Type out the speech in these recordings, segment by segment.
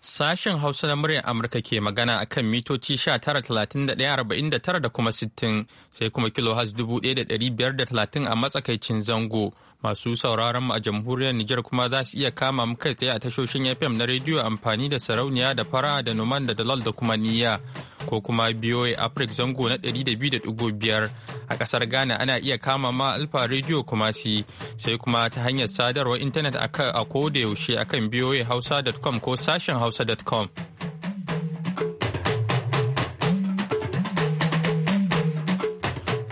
Sashen Hausa na muryar Amurka ke magana a kan mitoci 19,31,49 da kuma 60 sai kuma da 1,530 a matsakaicin zango. Masu sauraron mu a jamhuriyar Nijar kuma za su iya kama mu kai tsaye a tashoshin FM na rediyo amfani da sarauniya da fara da numan da dalal da kuma niyya. ko kuma BOA Africa zango na 200.5 a kasar Ghana ana iya kama ma Alfa Radio Kumasi sai kuma ta hanyar sadarwar intanet a da yaushe akan BOA Hausa.com ko sashen Hausa.com.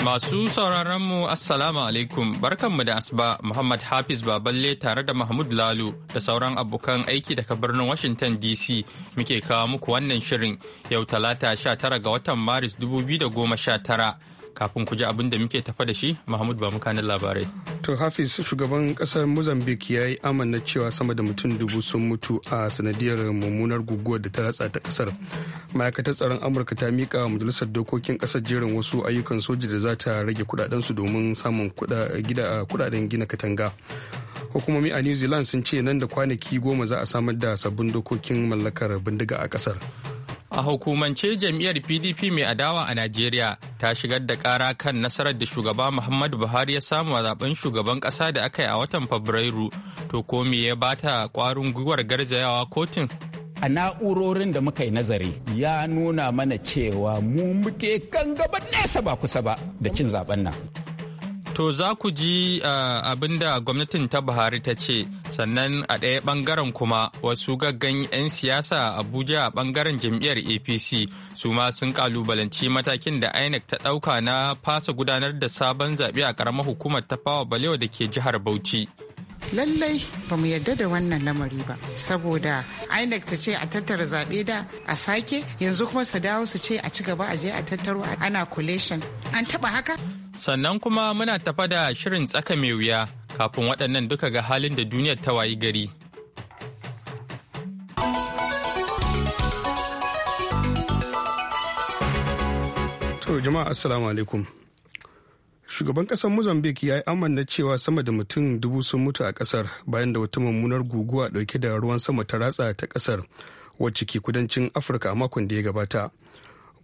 Masu sauraronmu Assalamu alaikum barkanmu da asuba Muhammad Hafiz Baballe tare da Mahmud Lalo da sauran abokan aiki daga birnin Washington DC muke kawo muku wannan shirin yau talata 19 ga watan Maris 2019 kafin ku ji abin da muke tafa da shi mahmud ba mukanin labarai to hafiz shugaban kasar mozambique ya yi amana cewa sama da mutum dubu sun mutu a sanadiyar mummunar guguwar da ta ratsa ta kasar ma'aikatar tsaron amurka ta mika wa majalisar dokokin kasar jerin wasu ayyukan soji da za ta rage su domin samun kudaden gina katanga hukumomi a new zealand sun ce nan da kwanaki goma za a samar da sabbin dokokin mallakar bindiga a kasar A hukumance jam'iyyar PDP mai adawa a Najeriya ta shigar da ƙara kan nasarar da shugaba Muhammadu Buhari ya samu a zaben shugaban ƙasa da aka yi a watan Fabrairu. To ko me ya bata ƙwarin gwiwar garzayawa kotun? A na'urorin da muka yi nazari ya nuna mana cewa mu muke kan gaban nesa ba kusa ba da cin zaben nan. To za ku ji abin da gwamnatin ta Buhari ta ce, sannan a ɗaya ɓangaren kuma wasu gaggan 'yan siyasa Abuja a ɓangaren jam'iyyar APC su ma sun kalubalanci matakin da INEC ta ɗauka na fasa gudanar da sabon zaɓe a ƙaramar hukumar ta fawa balewa da ke jihar Bauchi. lallai ba mu yarda da wannan lamari ba saboda inec ta ce a tattara zaɓe da a sake yanzu kuma su dawo su ce a ci gaba a je a tattaro ana collation an taɓa haka Sannan kuma muna tafa da shirin tsaka mai wuya kafin waɗannan duka ga halin da duniyar ta wayi gari. To jama'a assalamu alaikum. Shugaban ƙasar Mozambique ya yi amanna cewa sama da mutum dubu sun mutu a ƙasar bayan da wata mummunar guguwa ɗauke da ruwan sama ta ratsa ta ƙasar wacce ke kudancin Afirka a makon da ya gabata.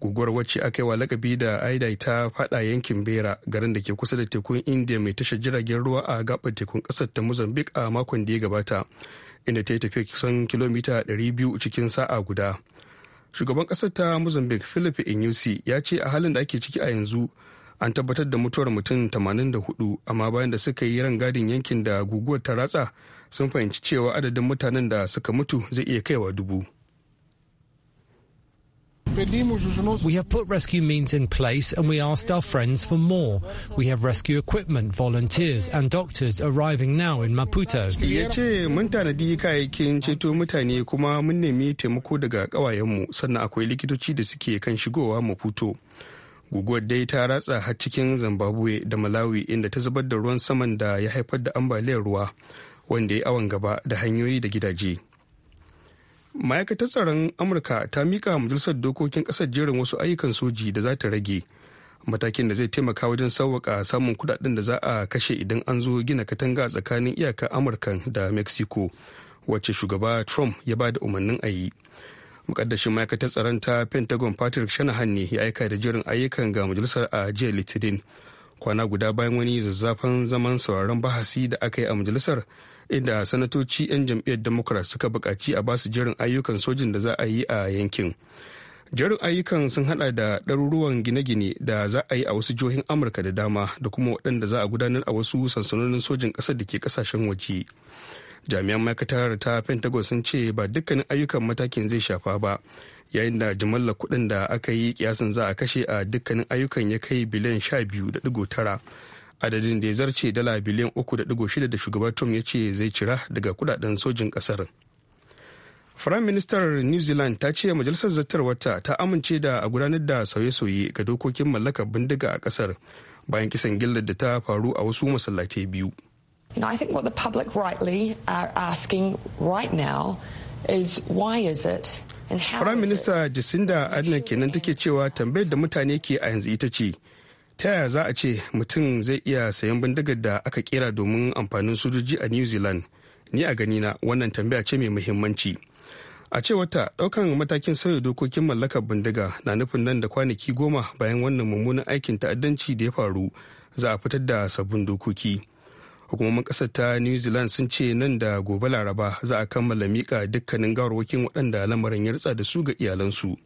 guguwar wacce aka yi wa lakabi da aida ta fada yankin bera garin da ke kusa da tekun india mai tashar jiragen ruwa a gabar tekun kasar ta mozambique a makon da ya gabata inda ta yi tafiya kusan kilomita 200 cikin sa'a guda shugaban kasar ta mozambique philip inyusi ya ce a halin da ake ciki a yanzu an tabbatar da mutuwar mutum 84 amma bayan da suka yi rangadin yankin da guguwar ta ratsa sun fahimci cewa adadin mutanen da suka mutu zai iya kaiwa dubu. We have put rescue means in place and we asked our friends for more. We have rescue equipment, volunteers, and doctors arriving now in Maputo. Yace mun tanadi ceto mutane kuma mun nemi taimako daga sannan akwai likitoci da suke kan shigowa Maputo. Guguwar dai ta ratsa har cikin Zimbabwe da Malawi inda ta zubar da ruwan saman da ya haifar da ambaliyar ruwa wanda ya awon gaba da hanyoyi da gidaje. ma'aikatar tsaron amurka ta mika majalisar dokokin kasar jerin wasu ayyukan soji da za ta rage matakin da zai taimaka wajen sauwaka samun kudaden da za a kashe idan an zo gina katanga tsakanin iyakar amurka da mexico wacce shugaba trump ya ba da umarnin a yi mukaddashin ma'aikatar tsaron ta pentagon patrick shanahan ne ya aika da jerin ayyukan ga majalisar a jiya litinin kwana guda bayan wani zazzafan zaman sauraron bahasi da aka yi a majalisar inda sanatoci 'yan jam'iyyar democrat suka buƙaci a basu jerin ayyukan sojin da za a yi a yankin jerin ayyukan sun hada da ɗaruruwan gine-gine da za a yi a wasu jihohin amurka da dama da kuma waɗanda za a gudanar a wasu sansanonin sojin ƙasar da ke ƙasashen waje jami'an ma'aikatar ta pentagon sun ce ba dukkanin ayyukan matakin zai shafa ba yayin da jimallar kuɗin da aka yi kiyasin za a kashe a dukkanin ayyukan ya kai biliyan sha biyu da digo tara adadin da ya zarce dala biliyan 3.6 da shugaba trump ya ce zai cira daga kudaden sojin kasar firayim ministar new zealand ta ce majalisar wata ta amince da a gudanar da sauye-sauye ga dokokin mallakar bindiga a kasar bayan kisan gillar da ta faru a wasu masallatai biyu You know, I think what the public rightly are asking right now is Firayim Minista Jacinda Ardern kenan take cewa tambayar da mutane ke a yanzu ita ce, ta yaya za a ce mutum zai iya sayan bindigar da aka kera domin amfanin sojoji a new zealand ni a ganina wannan tambaya ce mai muhimmanci a cewarta daukan matakin sauya dokokin mallakar bindiga na nufin nan da kwanaki goma bayan wannan mummunan aikin ta'addanci da ya faru za a fitar da sabbin dokoki hukumomin kasar ta new zealand sun ce nan da gobe laraba za a kammala miƙa dukkanin gawarwakin waɗanda lamarin ya da su ga iyalansu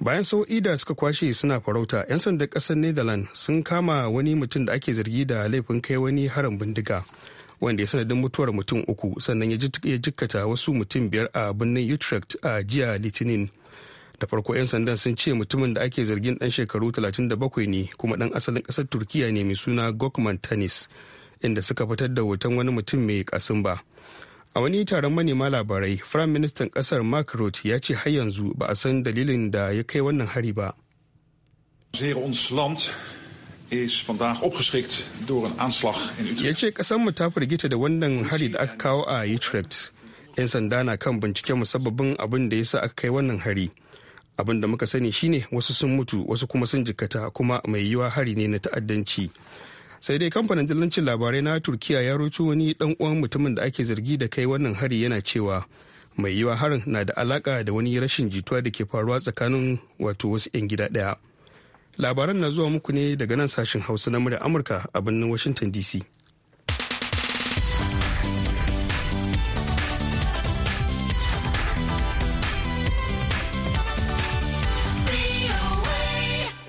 bayan sau'i da suka kwashe suna farauta 'yan sandan kasar netherlands sun kama wani mutum da ake zargi da laifin kai wani harin bindiga wanda ya sanadin mutuwar mutum uku sannan ya jikkata wasu mutum biyar a birnin utrecht a jiya litinin da farko 'yan sandan sun ce mutumin da ake zargin dan shekaru 37 ne kuma dan asalin kasar turkiya ne mai suna gokman tanis inda suka fitar da hoton wani mutum mai kasin ba a wani taron manema labarai firayim ministan kasar mark Rutte ya ce har yanzu ba a san dalilin da ya kai wannan hari ba Ya ce kasanmu ta firgita da wannan hari da aka kawo a Utrecht. 'Yan sanda na kan binciken musabbabin abin da ya sa aka kai wannan hari. Abin da muka sani shine wasu sun mutu wasu kuma sun jikkata kuma mai yiwuwa hari ne na ta'addanci. sai dai kamfanin dillancin labarai na turkiya ya roci wani dan uwan mutumin da ake zargi da kai wannan hari yana cewa mai yiwa harin na da alaka da wani rashin jituwa da ke faruwa tsakanin wato wasu 'yan gida ɗaya labaran na zuwa muku ne daga nan sashen hausa na murya amurka a birnin washington dc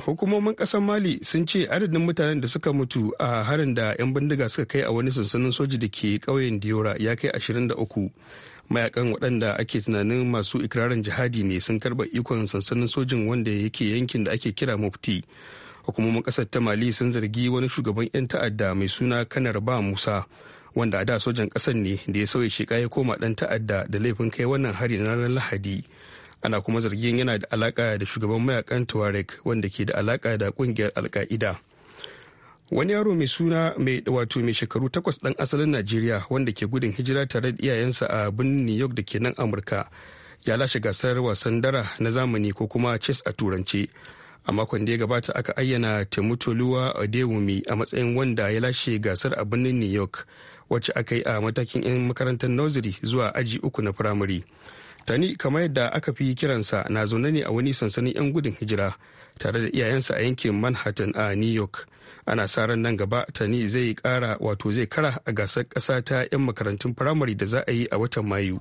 hukumomin kasar mali sun ce adadin mutanen da suka mutu a harin da 'yan bindiga suka kai a wani sansanin soji da ke ƙauyen diora ya kai 23 mayakan waɗanda ake tunanin masu ikirarin jihadi ne sun karba ikon sansanin sojin wanda yake yankin da ake kira mufti hukumomin ƙasar ta mali sun zargi wani shugaban 'yan ta'adda mai suna kanar ba musa wanda a da sojan ƙasar ne da ya sauya shiƙa ya koma ɗan ta'adda da laifin kai wannan hari na ranar lahadi ana kuma zargin yana da alaka da shugaban mayakan tuareg wanda ke da alaka da kungiyar alka'ida wani yaro mai suna mai wato mai shekaru takwas ɗan asalin najeriya wanda ke gudun hijira tare da iyayensa a birnin new york da ke nan amurka ya lashe gasar wasan dara na zamani ko kuma chess a turance a makon da ya gabata aka ayyana temutoluwa odewumi a matsayin wanda ya lashe gasar a birnin new york wacce aka yi a matakin 'yan makarantar nursery zuwa aji uku na firamare tani kamar yadda aka fi kiransa na zaune ne a wani sansanin 'yan gudun hijira tare da iyayensa a yankin manhattan a new york ana sa ran nan gaba tani zai kara wato zai kara a gasar ƙasa ta 'yan makarantun firamare da za a yi a watan mayu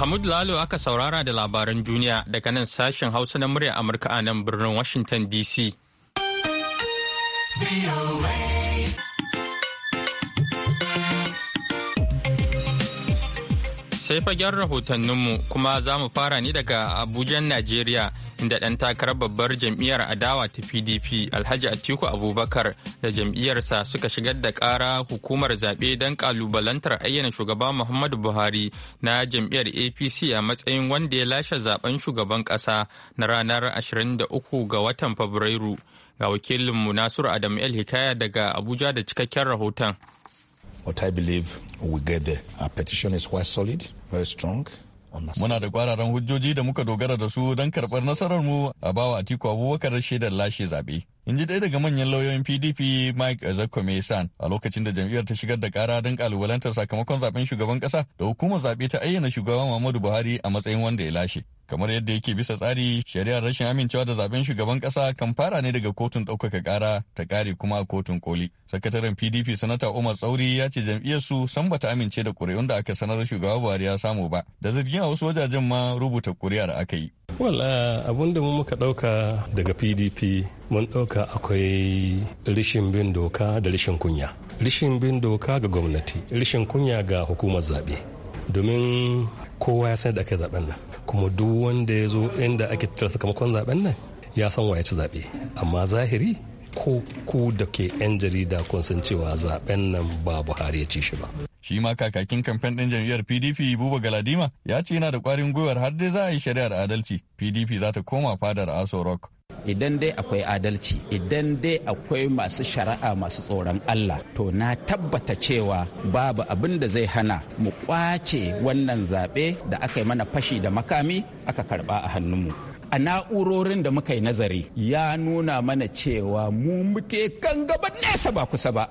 Mahmud Lalo aka saurara da labaran duniya daga nan sashen Hausa na murya Amurka a nan birnin Washington DC. Sai fagen rahotanninmu kuma za mu fara ne daga Abuja, Najeriya. inda ɗan takarar babbar jam'iyyar adawa ta pdp alhaji atiku abubakar da jam'iyyarsa suka shigar da ƙara hukumar zaɓe don ƙalubalantar ayyana shugaba muhammadu buhari na jam'iyyar apc a matsayin wanda ya lashe zaben shugaban ƙasa na ranar 23 ga watan fabrairu ga wakilinmu nasiru adam el hikaya daga abuja da cikakken rahoton What I believe we get there. Our petition is quite solid, very strong. Muna da kwararan hujjoji da muka dogara da su don karɓar nasarar mu a bawa Atiku Abubakar shaidar lashe zaɓe. In ji ɗaya daga manyan lauyoyin PDP Mike Ezekome San a lokacin da jam'iyyar ta shigar da ƙara don ƙalubalantar sakamakon zaɓen shugaban ƙasa da hukumar zaɓe ta ayyana shugaban Muhammadu Buhari a matsayin wanda ya lashe. kamar yadda yake bisa tsari shari'ar rashin amincewa da zaben shugaban kasa kan fara ne daga kotun ɗaukaka ƙara ta ƙare kuma a kotun koli sakataren pdp sanata umar tsauri ya ce jam'iyyarsu san bata amince da ƙuri'un da aka sanar shugaba buhari ya samu ba da zargin a wasu wajajen ma rubuta ƙuri'ar aka yi. wala uh, abun da mu muka ɗauka daga pdp mun ɗauka akwai rishin bin doka da rishin kunya rishin bin doka ga gwamnati rishin kunya ga hukumar zaɓe domin kowa ya san da aka zaben nan kuma duk wanda ya zo inda ake tattara sakamakon zaben nan ya san wa ya ci zaɓe amma zahiri ko ku da ke 'yan jarida kun san cewa zaben nan ba buhari ya ci shi ba shi ma kakakin kamfen ɗin jam'iyyar pdp buba galadima ya ce yana da ƙwarin gwiwar har dai za a yi shari'ar adalci pdp za ta koma fadar aso rock idan dai akwai adalci idan dai akwai masu shari'a masu tsoron Allah to na tabbata cewa babu abin da zai hana mu kwace wannan zaɓe da aka yi mana fashi da makami aka karɓa a hannunmu a na'urorin da muka yi nazari ya nuna mana cewa mu muke kan gaban nesa ba kusa ba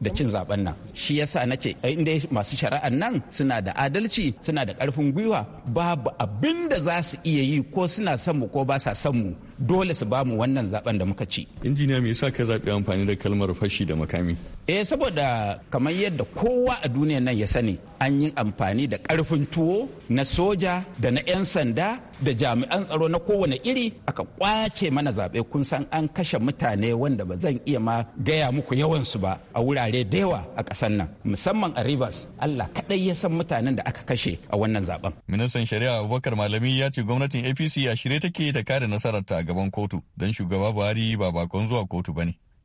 da cin zaben nan shi yasa na ce inda masu shari'an nan suna da adalci suna da karfin gwiwa babu abin da za su iya yi ko suna son mu ko ba sa son mu dole su bamu wannan zaben da muka ci injiniya me yasa ka zaɓi amfani da kalmar fashi da makami eh saboda kamar yadda kowa a duniya nan ya sani an yi amfani da karfin tuwo na soja da na 'yan sanda da jami'an tsaro na kowane iri aka kwace mana zaɓe kun san an kashe mutane wanda ba zan iya ma gaya muku yawansu ba a wurare da yawa a ƙasar nan musamman a rivers allah kaɗai ya san mutanen da aka kashe a wannan zaben ministan shari'a abubakar malami ya ce gwamnatin apc a shirye take ta kare ta a gaban kotu don shugaba buhari ba bakon zuwa kotu ba ne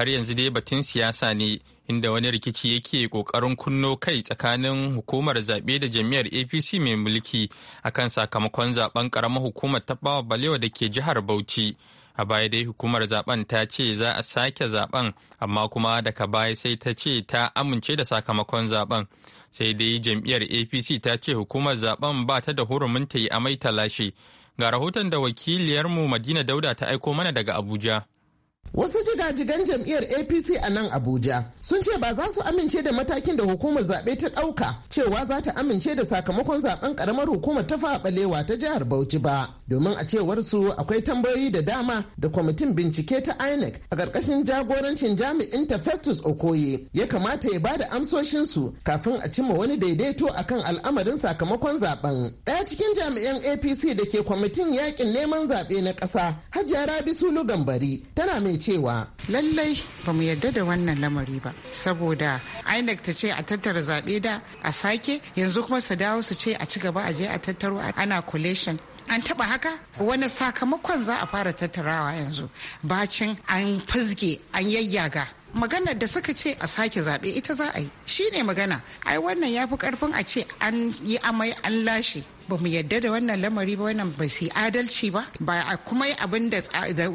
har yanzu dai batun siyasa ne inda wani rikici yake kokarin kunno kai tsakanin hukumar zaɓe da jami'ar apc mai mulki akan sakamakon zaben karamar hukumar bawa balewa da ke jihar bauchi a baya dai hukumar zaben ta ce za a sake zaben amma kuma daga baya sai ta ce ta amince da sakamakon zaben sai dai jam'iyyar apc ta ce hukumar zaben ba ta da hurumin ta yi amai lashe ga rahoton da wakiliyarmu madina dauda ta aiko mana daga abuja Wasu jigajigan jam'iyyar APC a nan Abuja sun ce ba za su amince da matakin da hukumar zaɓe ta ɗauka cewa za ta amince da sakamakon zaɓen ƙaramar hukumar ta faɓalewa ta jihar Bauchi ba. Domin a cewar su akwai tambayoyi da dama da kwamitin bincike ta INEC a ƙarƙashin jagorancin jami'in ta Festus Okoye ya kamata ya ba da amsoshin su kafin a cimma wani daidaito a kan al'amarin sakamakon zaɓen Ɗaya cikin jami'an APC da ke kwamitin yaƙin neman zaɓe na ƙasa Hajiya Rabi Sulu Gambari tana mai mai cewa lallai ba mu yarda da wannan lamari ba saboda inec ta ce a tattara zaɓe da a sake yanzu kuma su dawo su ce a ci gaba a je a tattaro ana collation an taba haka wani sakamakon za a fara tattarawa yanzu bacin an fizge an yayyaga maganar da suka ce a sake zaɓe ita za a yi shine magana ai wannan ya fi karfin a ce an yi amai an lashe ba mu yadda da wannan lamari ba wannan ba su adalci ba ba a kuma abin da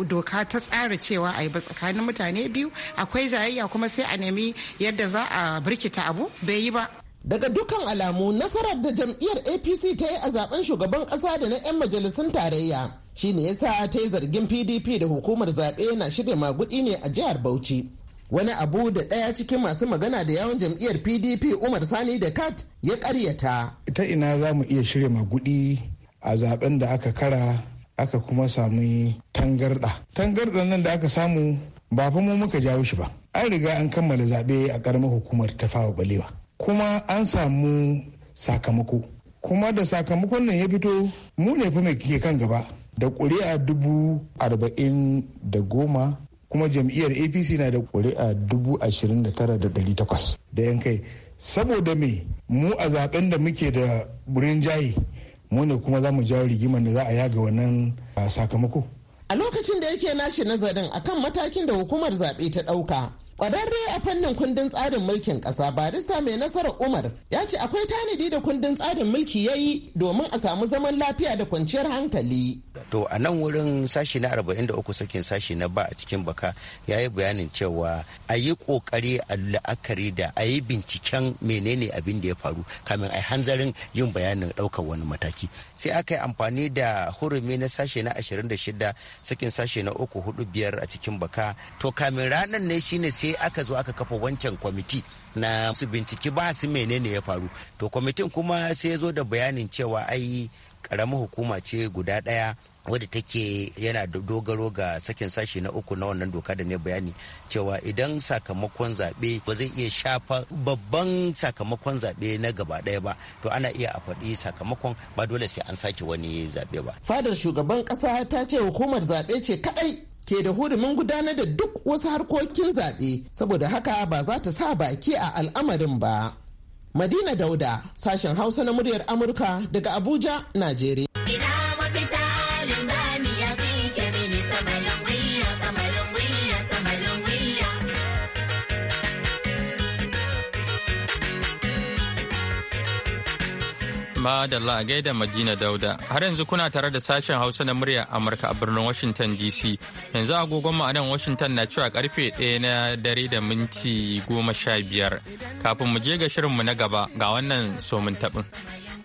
doka ta tsara cewa a yi ba tsakanin mutane biyu akwai jayayya kuma sai a nemi yadda za a birkita abu bai yi ba daga dukkan alamu nasarar da jam'iyyar apc ta yi a zaben shugaban kasa da na 'yan majalisun tarayya shi shine yasa ta yi zargin pdp da hukumar zaɓe na shirya maguɗi ne a jihar bauchi wani abu da ɗaya cikin masu magana da yawon jam'iyyar pdp umar sani da kat ya ƙaryata ta ina za mu iya shirya magudi a zaben da aka kara aka kuma samu tangarɗa tangarɗa nan da aka samu ba fa mu muka jawo shi ba an riga an kammala zaɓe a ƙaramar hukumar ta fawa balewa kuma an samu sakamako kuma da sakamakon nan ya fito mu ne fa mai ke kan gaba da ƙuri'a dubu arba'in da goma kuma jam'iyyar apc na da ƙuri'a dubu ashirin da tara da ɗari takwas da yan kai saboda me mu a zaben da muke da burin jaye mu ne kuma za mu jawo rigimar da za a yaga wannan ah, sakamako a lokacin da yake nashi nazarin akan matakin da hukumar zaɓe ta ɗauka Kwararre a fannin kundin tsarin mulkin ƙasa barista mai nasarar Umar ya ce akwai tanadi da kundin tsarin mulki ya yi domin a samu zaman lafiya da kwanciyar hankali. To a nan wurin sashi na 43 sakin sashi na ba a cikin baka ya yi bayanin cewa a yi ƙoƙari a la'akari da a yi binciken menene abin da ya faru kamin a hanzarin yin bayanin ɗaukar wani mataki. Sai aka yi amfani da hurumi na sashe na 26 sakin sashe na 3 4 5 a cikin baka to kamin ranar ne shine sai aka zo aka kafa wancan kwamiti na su binciki ba su menene ya faru to kwamitin kuma sai ya zo da bayanin cewa ai karamin hukuma ce guda ɗaya wadda take yana dogaro ga sakin sashi na uku na wannan doka da ne bayani cewa idan sakamakon zaɓe ba zai iya shafa babban sakamakon zaɓe na gaba ɗaya ba to ana iya a faɗi sakamakon ba dole sai an sake wani zaɓe ba. fadar shugaban ƙasa ta ce hukumar zaɓe ce kaɗai ke da hurumin gudanar da duk wasu harkokin zaɓe saboda haka ba za ta sa baki a al'amarin ba. Madina Dauda, sashen Hausa na muryar Amurka daga Abuja, Najeriya. da a gaida Madina Dauda. Har yanzu kuna tare da sashen Hausa na murya Amurka a birnin Washington DC. Yanzu agogon a nan Washington na cewa karfe 1 na dare da minti goma sha biyar. Kafin mu je ga shirinmu na gaba ga wannan somin taɓin.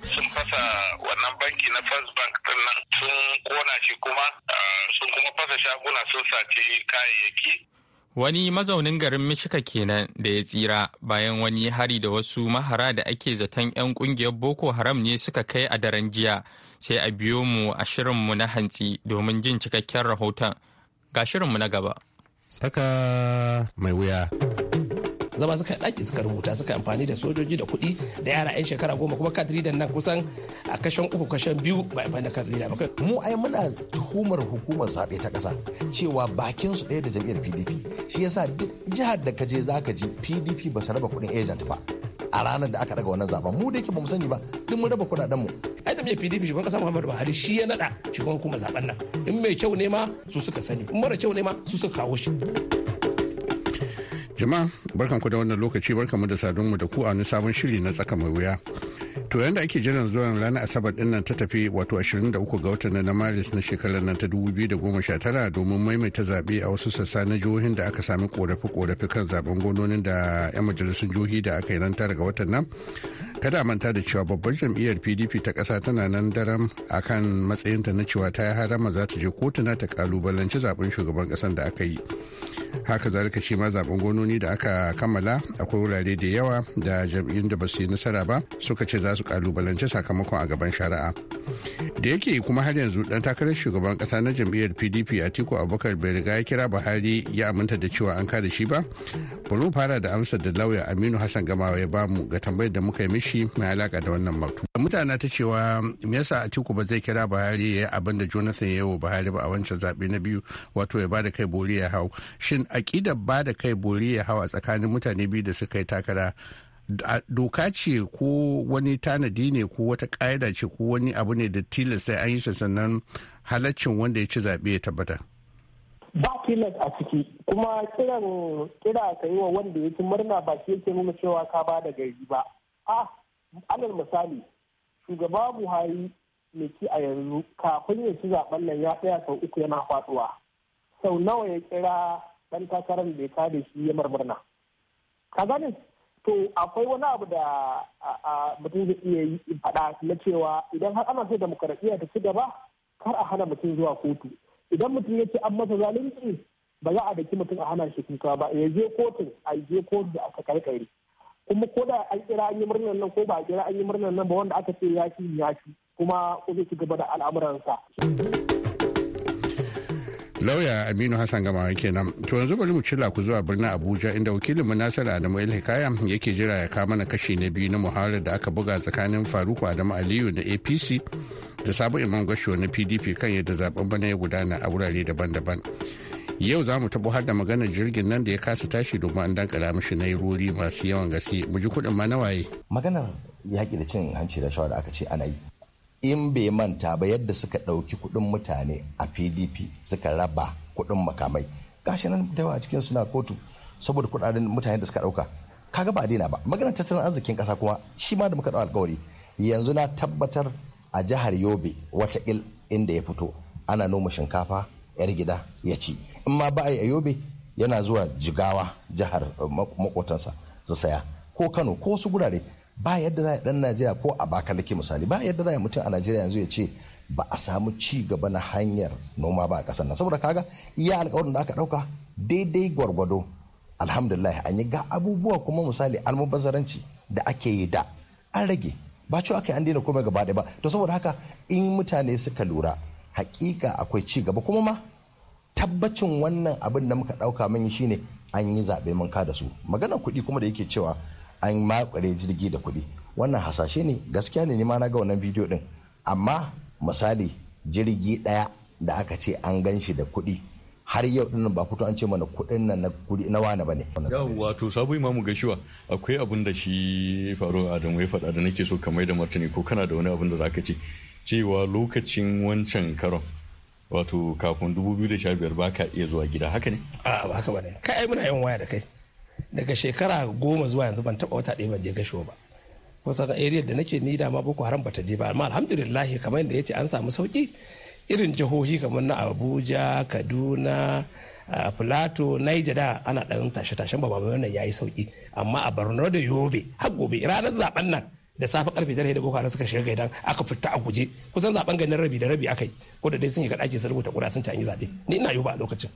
Sun fasa wannan banki na First Bank din sun kona shi kuma ah, sun kuma fasa shaguna sun sace kayayyaki Wani mazaunin garin Mishika kenan da ya tsira bayan wani hari da wasu mahara da ake zaton 'yan kungiyar Boko Haram ne suka kai a daren jiya sai a biyo mu a shirinmu na hantsi domin jin cikakken rahoton. Ga shirinmu na gaba. Saka mai wuya. zama suka ɗaki suka rubuta suka amfani da sojoji da kuɗi da yara 'yan shekara goma kuma kadridan nan kusan a kashen uku kashen biyu ba amfani da kadrida ba mu ai muna tuhumar hukumar sabe ta kasa cewa bakin su ɗaya da jam'iyyar pdp shi yasa duk jihar da ka je za ka ji pdp ba su raba kuɗin agent ba a ranar da aka daga wannan zaben mu da ke ba mu sani ba duk mun raba kuɗaɗen mu ai da PDP shugaban kasa Muhammadu Buhari shi ya nada shugaban kuma zaben nan in mai kyau ne ma su suka sani in mara kyau ne ma su suka kawo shi Jama'a barkan ku da wannan lokaci barkan mu da sadon mu da ku a sabon shiri na tsaka mai wuya. To yanda ake jiran zuwa ranar Asabar din nan ta tafi wato 23 ga watan na Maris na shekarar nan ta 2019 domin maimaita zabe a wasu sassa na jihohin da aka sami korafi-korafi kan zaben gononin da 'yan majalisun jihohi da aka yi nan tara ga watan nan. kada a manta da cewa babbar jam'iyyar pdp ta ƙasa tana nan daram kan matsayinta na cewa ta yi harama za ta je kotuna ta kalubalanci zaben shugaban ƙasar da aka yi haka zalika shi ma zaben gononi da aka kammala akwai wurare da yawa da jam'iyyun da ba su yi nasara ba suka ce za su kalubalanci sakamakon a gaban shari'a da yake kuma har yanzu dan takarar shugaban kasa na jam'iyyar pdp atiku abubakar bai riga ya kira buhari ya aminta da cewa an kada shi ba bari mu fara da amsar da lauya aminu hassan gamawa ya bamu ga tambayar da muka yi mishi mai alaka da wannan batu mutana ta cewa me yasa atiku ba zai kira buhari ya yi abin da jonathan ya yi wa buhari ba a wancan zaɓe na biyu wato ya bada kai bori ya hau shin aƙidar bada kai bori ya hau a tsakanin mutane biyu da suka yi takara doka ce ko wani tanadi ne ko wata ƙa'ida ce ko wani abu ne da tilasta an yi shi sannan halaccin wanda ya ci zaɓe ya tabbata. ba tilas a ciki kuma kiran kira ka yi wa wanda ya ci murna ba shi yake nuna cewa ka ba da gari ba a alal misali shugaba buhari mai ci a yanzu kafin ya ci zaben nan ya tsaya sau uku yana faɗuwa sau nawa ya kira ɗan takarar da ya kada shi ya marmurna ka gane to akwai wani abu da mutum zai iya yi faɗa na cewa idan har ana so demokaradiyya ta ci gaba kar a hana mutum zuwa kotu idan mutum ya ce an masa zalunci ba za a daki mutum a hana shi kuka ba ya je kotun a je kotu da aka karkare kuma ko da an kira an yi murnar nan ko ba a kira an yi murnar nan ba wanda aka ce ya ci ya ci kuma ko zai ci gaba da al'amuransa. lauya aminu hassan gamawa kenan to yanzu bari mu cila ku zuwa birnin abuja inda wakilin nasar adamu el hikaya yake jira ya kama na kashi na biyu na muharar da aka buga tsakanin faruku adamu aliyu na apc da sabon imam gasho na pdp kan yadda zaben bana ya gudana a wurare daban-daban yau za mu tabo har da maganar jirgin nan da ya kasa tashi domin an dankara mishi na rori masu yawan gaske mu ji kuɗin ma nawaye maganar yaƙi da cin hanci da shawara aka ce ana yi in bai manta ba yadda suka ɗauki kuɗin mutane a pdp suka raba kuɗin makamai gashi nan da yawa cikin suna kotu saboda kuɗaɗen mutane da suka ɗauka kaga ba daina ba maganar tattalin arzikin ƙasa kuma shi ma da muka ɗau alkawari yanzu na tabbatar a jihar yobe wata il inda ya fito ana noma shinkafa yar gida ya ci in ma ba a a yobe yana zuwa jigawa jihar eh, makotansa su saya ko kano ko wasu gurare ba yadda za a dan najeriya ko a baka laki misali ba yadda za a mutum a najeriya yanzu ya ce ba a samu ci gaba na hanyar noma ba a kasar nan saboda kaga iya alƙawarin da aka ɗauka daidai gwargwado alhamdulillah an yi ga abubuwa kuma misali almubazzaranci da ake yi da an rage ba cewa aka yi an daina komai gaba daya ba to saboda haka in mutane suka lura hakika akwai ci gaba kuma ma tabbacin wannan abin da muka ɗauka mun shine an yi zaɓe mun da su magana kuɗi kuma da yake cewa an makware jirgi da kuɗi wannan hasashe ne gaskiya ne ma na ga wannan bidiyo din amma misali jirgi ɗaya da aka ce an gan shi da kuɗi har yau ɗin ba fito an ce mana kuɗin nan na wane ba ne. bane yawwa to sabu imamu gashiwa akwai abin da shi faru adamu ya faɗa da nake so ka maida da martani ko kana da wani abin da zaka ce cewa lokacin wancan karon wato kafin 2015 ba ka iya zuwa gida haka ne a ba haka ne kai muna yin waya da kai daga shekara goma zuwa yanzu ban taba wata ɗaya ban je gasho ba kusa ga area da nake ni dama boko haram bata je ba amma alhamdulillah kamar yadda yace an samu sauki irin jihohi kamar na abuja kaduna Plateau niger da ana ɗan tashe-tashen babu wannan yayi sauki amma a borno da yobe har gobe ranar zaben nan da safe karfe tare da gokara suka shiga gaidan aka fita a guje kusan zaben ganin rabi da rabi akai ko da dai sun yi ga ɗakin sun rubuta kura sun an yi zabe ni ina yoba a lokacin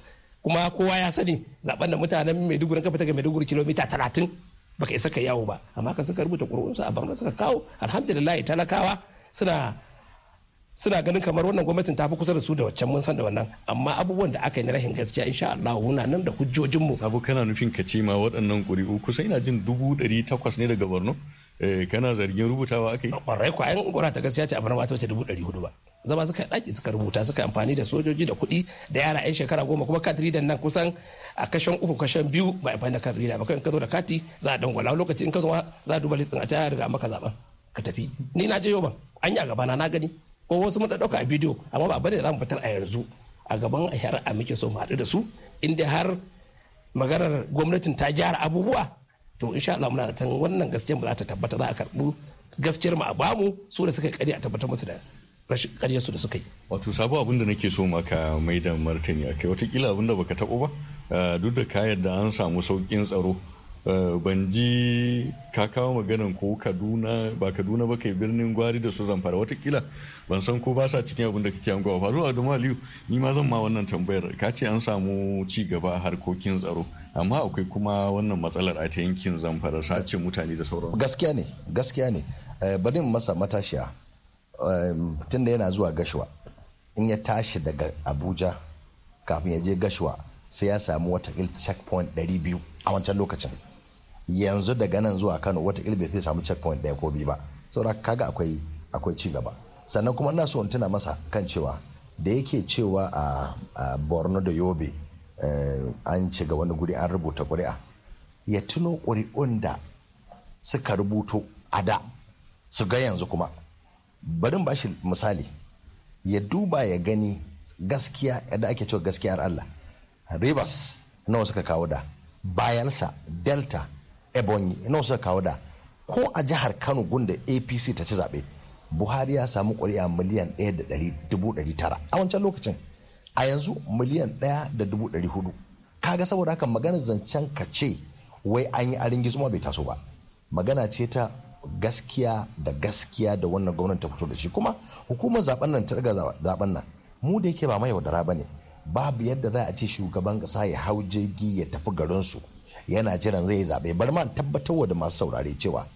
kuma kowa ya sani zaben da mutanen maiduguri kafa ta ga maiduguri kilomita talatin baka isa ka yawo ba amma kan suka rubuta ƙuri'unsu a barna suka kawo alhamdulillah talakawa suna suna ganin kamar wannan gwamnatin ta fi kusa da su da waccan mun san da wannan amma abubuwan da aka yi na rahin gaskiya insha Allah wuna nan da hujjojinmu. Abu kana nufin ka ce ma waɗannan ƙuri'u kusan ina jin dubu ɗari takwas ne daga Borno? Eh, kana zargin rubutawa ake. yi kwarai kwayan ungura ta gaskiya ce a bana mata ce dubu ɗari hudu ba zama suka ɗaki suka rubuta suka amfani da sojoji da kuɗi da yara 'yan shekara goma kuma da nan kusan a kashen uku kashen biyu ba a fahimta da ba kan ka zo da kati za a dangwala lokaci in ka zo za a duba listin a ta riga maka zaɓen. ka tafi ni na je yau ba an yi a gaba na gani ko wasu mun ɗauka a bidiyo amma ba bane da zamu fitar a yanzu a gaban a shari'a muke so mu haɗu da su inda har maganar gwamnatin ta gyara abubuwa to insha Allah muna da wannan gaskiyar ba za ta tabbata za a karbu gaskiyar mu a bamu su da suka yi a tabbatar musu da rashin su da suka yi wato sabo abin da nake so maka mai da martani akai watakila abin da baka taɓo ba eh, duk da ka yarda an samu sauƙin tsaro Eh, ban ji ka kawo maganan ko kaduna ba kaduna ba kai birnin gwari da su zamfara watakila ban san ko ba sa cikin abin da kake angowa ba zuwa da aliyu ni ma zan ma wannan tambayar ka ce an samu ci gaba harkokin tsaro amma akwai kuma wannan matsalar a ta yankin zamfara sace mutane da sauran gaskiya ne gaskiya ne eh, bari in masa matashiya tunda yana zuwa gashuwa in ya tashi daga abuja kafin ya je gashuwa sai ya samu wata checkpoint 200 a wancan lokacin yanzu daga nan zuwa kano watakila bai fi samu checkpoint ɗaya ko biyu ba saboda kaga akwai akwai ci gaba sannan kuma ina so in tuna masa kan cewa da yake cewa a borno da yobe eh, an ci ga wani guri an rubuta ƙuri'a ya tuno ƙuri'un da suka rubuto a da su ga yanzu kuma barin ba shi misali ya duba ya gani gaskiya yadda ake cewa gaskiyar allah rivers nawa suka kawo da bayansa delta ebonyi nawa suka kawo da ko a jihar kano gunda apc ta ci zaɓe buhari ya samu ƙuri'a miliyan ɗaya da dubu ɗari tara a wancan lokacin a yanzu miliyan ɗaya da dubu ɗari hudu kaga saboda haka magana zancen ka ce wai an yi arin gizuma bai taso ba magana ce ta gaskiya da gaskiya da wannan gwamnati ta fito da shi kuma hukumar zaben nan ta riga zaben nan mu da yake ba mai yaudara ba ne babu yadda za a ce shugaban kasa ya hau jirgi ya tafi garinsu yana jiran zai zaɓe bari ma tabbatar da masu saurare cewa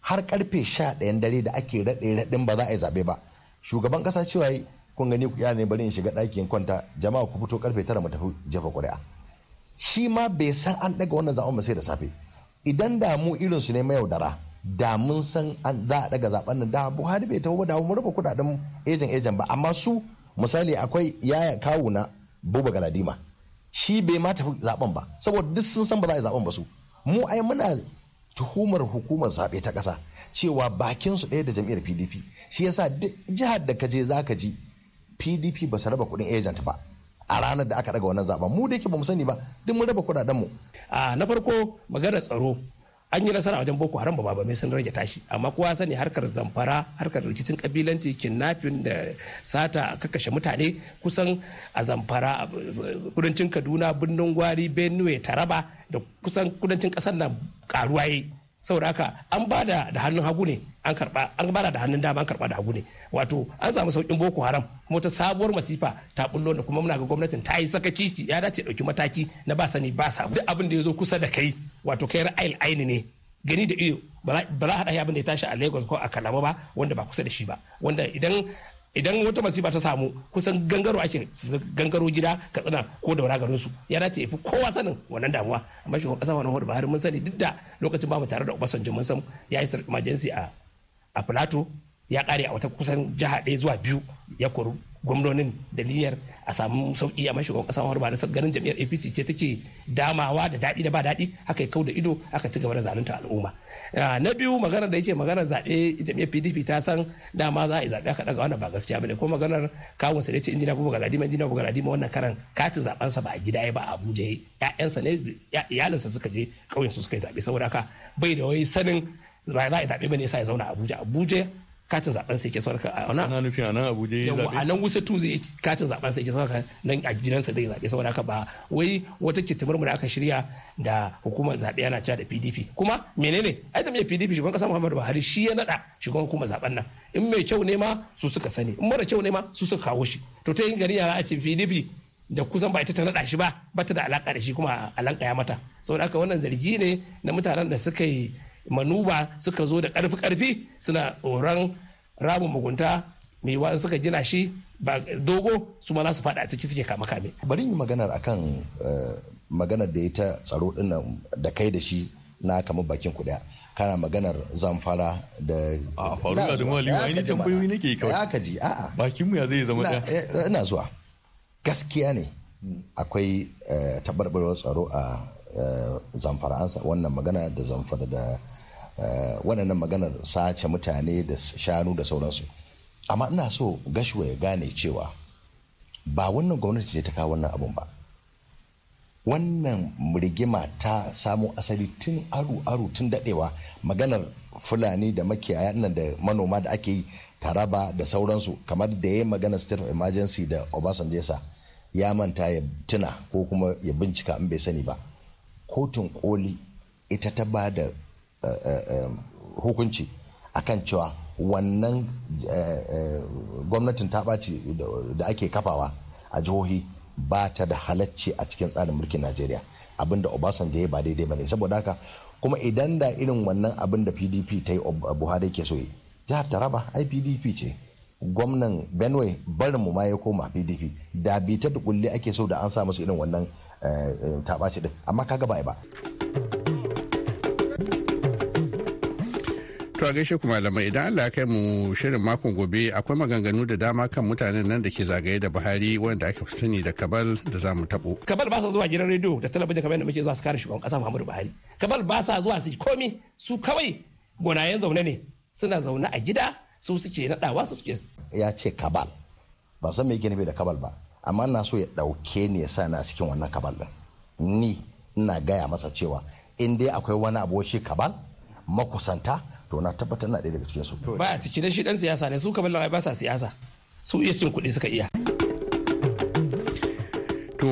har karfe sha ɗayan dare da ake raɗe raɗin ba za a yi zaɓe ba shugaban ƙasa cewa kun gani ku ne bari in shiga ɗakin kwanta jama'a ku fito karfe tara mu tafi jefa kuri'a. shi ma bai san an ɗaga wannan zaɓen ba sai da safe idan da mu irin su ne mai yaudara da mun san an za a ɗaga zaɓen nan da Buhari bai tawo ba da mu rufe kuɗaɗen ejen ejen ba amma su misali akwai yaya kawuna Buba Galadima shi bai ma tafi zaben ba saboda duk sun san ba za a zaben ba su mu ai muna tuhumar hukumar zaɓe ta ƙasa cewa bakin su ɗaya da jam'iyyar PDP shi yasa duk jihar da ka je ka ji PDP ba su raba kuɗin agent ba a ranar da aka daga wannan zaben mu da yake ba mu sani ba duk mun raba kuɗaɗen mu a na farko maganar tsaro an yi nasara wajen boko haram ba ba sun rage tashi amma kowa sani harkar zamfara harkar rikicin kabilanci kidnapping da sata a kakashe mutane kusan a zamfara kudancin kaduna birnin gwari benue taraba da kusan kudancin kasar na karuwa saboda haka an ba da hannun hagu ne an karba an bada da hannun dama an karba da hagu ne wato an samu saukin boko haram kuma ta sabuwar masifa ta bullo da kuma muna ga gwamnatin ta yi sakaci ya dace dauki mataki na ba sani ba sa. duk abin da ya zo kusa da kai wato kai ra'ayin aini ne gani da iyo ba za a haɗa abin da ya tashi a lagos ko a kalama ba wanda ba kusa da shi ba wanda idan idan wata masifa ta samu kusan gangaro ake gangaro gida ka tsana ko daura garin su ya dace fi kowa sanin wannan damuwa amma shugaban kasa wannan hudu bahari mun sani duk da lokacin ba mu tare da Obasanjo mun san ya yi majensi a a Plateau ya kare a wata kusan jiha ɗaya zuwa biyu ya kori gwamnonin da niyyar a samu sauki a mashigon kasan ba da ganin jam'iyyar apc ce take damawa da daɗi da ba daɗi haka kau da ido haka ci gaba da zalunta al'umma ah, na biyu magana da yake maganar zaɓe jam'iyyar pdp ta san dama za a yi zaɓe aka ɗaga wannan ba gaskiya bane ko maganar kawun sa ne ce injina buga galadima injina buga galadima wannan karan katin zaɓen sa ba a gida ba a abuja ya'yansa ne iyalinsa suka je ƙauyen su suka yi zaɓe saboda haka bai da wai sanin ba za a yi zaɓe bane ya zauna abuja abuja katin zaben sai ke sauka a nan ana nufi anan Abuja ya zabe a nan zai katin zaben sai ke sauka nan a gidansa zai zabe saboda haka ba wai wata kitimar mu da aka shirya da hukumar zabe yana cewa da PDP kuma menene ai da PDP shugaban kasa Muhammadu Buhari shi ya nada shugaban hukumar zaben nan in mai kyau ne ma su suka sani in mara kyau ne ma su suka kawo shi to ta yin gari yara a ce PDP da kusan ba ita ta naɗa shi ba ba ta da alaka da shi kuma a ya mata saboda haka wannan zargi ne na mutanen da suka yi manuba suka zo da karfi karfi suna tsoron ramin mugunta mai wa suka gina shi ba dogo su ma su fada a ciki suke kama kame bari yi maganar akan eh, maganar da ya ta tsaro dinnan da kai da shi na kamar bakin kuɗa kana maganar zamfara da a faru da mali liwa ainihin tambayoyi nake kawai aka ji a'a bakin mu ya zai zama ɗaya eh, ina zuwa gaskiya ne akwai eh, tabarbarwar tsaro a Eh, zamfara ansa wannan magana da zamfara da eh, waɗannan maganar sace mutane da shanu da sauransu amma ina so gashuwa ya gane cewa ba wannan gwamnati ce ta kawo wannan abun ba wannan rigima ta samo asali tun aru-aru tun dadewa maganar fulani da makiyaya nan da manoma da ake yi taraba da sauransu kamar da ya yi magana state of emergency da obasanjo ya manta ya tuna ko kuma ya bincika in bai sani ba kotun koli ita ta ba da eh, eh, eh, hukunci akan cewa wannan gwamnatin ta ɓaci da ake kafawa a jihohi ba ta da halacci a cikin tsarin mulkin najeriya abinda obasanjo ya ba daidai ba ne saboda haka kuma idan da irin wannan abin da pdp ta yi buhari ke so jihar taraba ipdp ce gwamnan benue barin mu ma ya koma pdp da bi ta dukulle ake so da an sa musu irin wannan eh, eh, taɓaci din amma kaga ba ba To gaishe kuma malamai idan Allah kai mu shirin makon gobe akwai maganganu da dama kan mutanen nan da ke zagaye da Buhari wanda aka fi sani da Kabal da za mu tabo. Kabal ba sa zuwa gidan rediyo da talabijin kamar yadda muke zuwa su kare shugaban kasa Muhammadu Buhari. Kabal ba sa zuwa su komi su kawai gonayen zaune ne suna zaune a gida su suke nadawa su suke ya ce kabal ba san mai gina bai da kabal ba amma na so ya ɗauke ni ya sa ni cikin wannan kabal ɗin ni ina gaya masa cewa in dai akwai wani abu shi kabal makusanta to na tabbatar na ɗaya daga cikin su ba a ciki da shi dan siyasa ne su kabal ba sa siyasa su iya cin kuɗi suka iya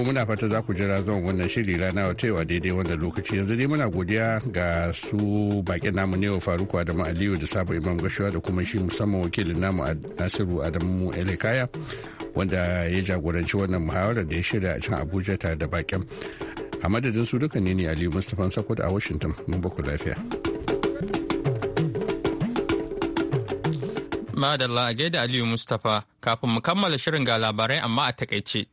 muna fata za ku jira zuwan wannan shiri rana taiwa daidai wanda lokaci yanzu dai muna godiya ga su bakin namu ne wa faruku adamu aliyu da sabo imam gashuwa da kuma shi musamman wakilin namu nasiru adamu elekaya wanda ya jagoranci wannan muhawarar da ya shirya a cin abuja tare da bakin a madadin su duka ne ne aliyu mustapha sakwad a washington mun baku lafiya madalla a gaida aliyu mustapha kafin mu kammala shirin ga labarai amma a takaice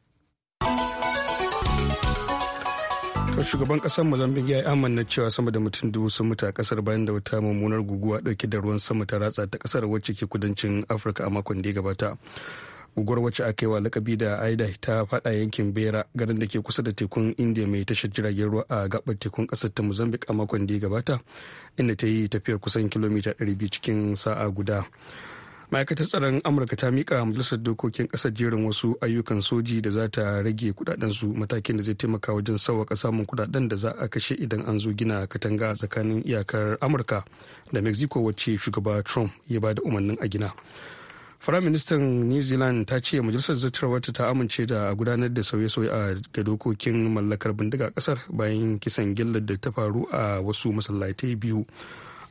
shugaban kasar mozambique ya yi amanna cewa sama da mutum dubu sun mutu a kasar bayan da wata mummunar guguwa dauke da ruwan sama ta ratsa ta kasar wacce ke kudancin afirka a makon da ya gabata guguwar wacce aka yi wa lakabi da aida ta fada yankin bera garin da ke kusa da tekun india mai tashar jiragen ruwa a gabar tekun kasar ta mozambique a makon da ya gabata inda ta yi tafiyar kusan kilomita 200 cikin sa'a guda ma'aikatar tsaron amurka ta mika majalisar dokokin kasar jerin wasu ayyukan soji da za ta rage kudaden su matakin da zai taimaka wajen sauwaka samun kudaden da za a kashe idan an zo gina katanga tsakanin iyakar amurka da mexico wacce shugaba trump ya ba da umarnin a gina Firaministan New Zealand ta ce majalisar zartarwarta ta amince da a gudanar da sauye-sauye a ga dokokin mallakar bindiga kasar bayan kisan gillar da ta faru a wasu masallatai biyu.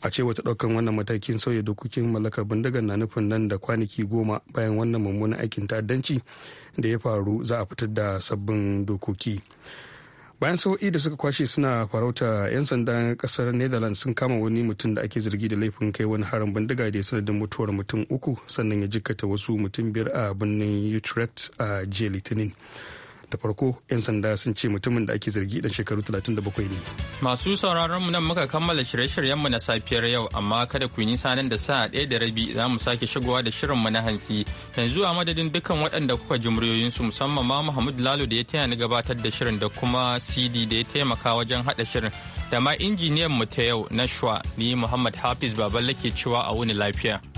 a ce wata daukan wannan matakin sauya dokokin mallakar bindigar na nufin nan da kwanaki goma bayan wannan mummunan aikin ta'addanci da ya faru za a fitar da sabbin dokoki bayan sau'i da suka kwashe suna farauta 'yan sandan kasar netherlands sun kama wani mutum da ake zargi da laifin kai wani harin bindiga da ya sanadin mutuwar mutum uku sannan ya jikkata wasu mutum biyar a birnin utrecht a jiya litinin da farko 'yan sanda sun ce mutumin da ake zargi dan shekaru 37 ne masu sauraron mu nan muka kammala shirye shiryen mu na safiyar yau amma kada ku nisa nan da sa'a ɗaya da rabi za mu sake shigowa da shirin mu na hansi yanzu a madadin dukkan waɗanda kuka ji su musamman ma Muhammad Lalo da ya taya ni gabatar da shirin da kuma CD da ya taimaka wajen haɗa shirin da ma injiniyan mu ta yau na Shwa ni Muhammad Hafiz Baballe ke cewa a wuni lafiya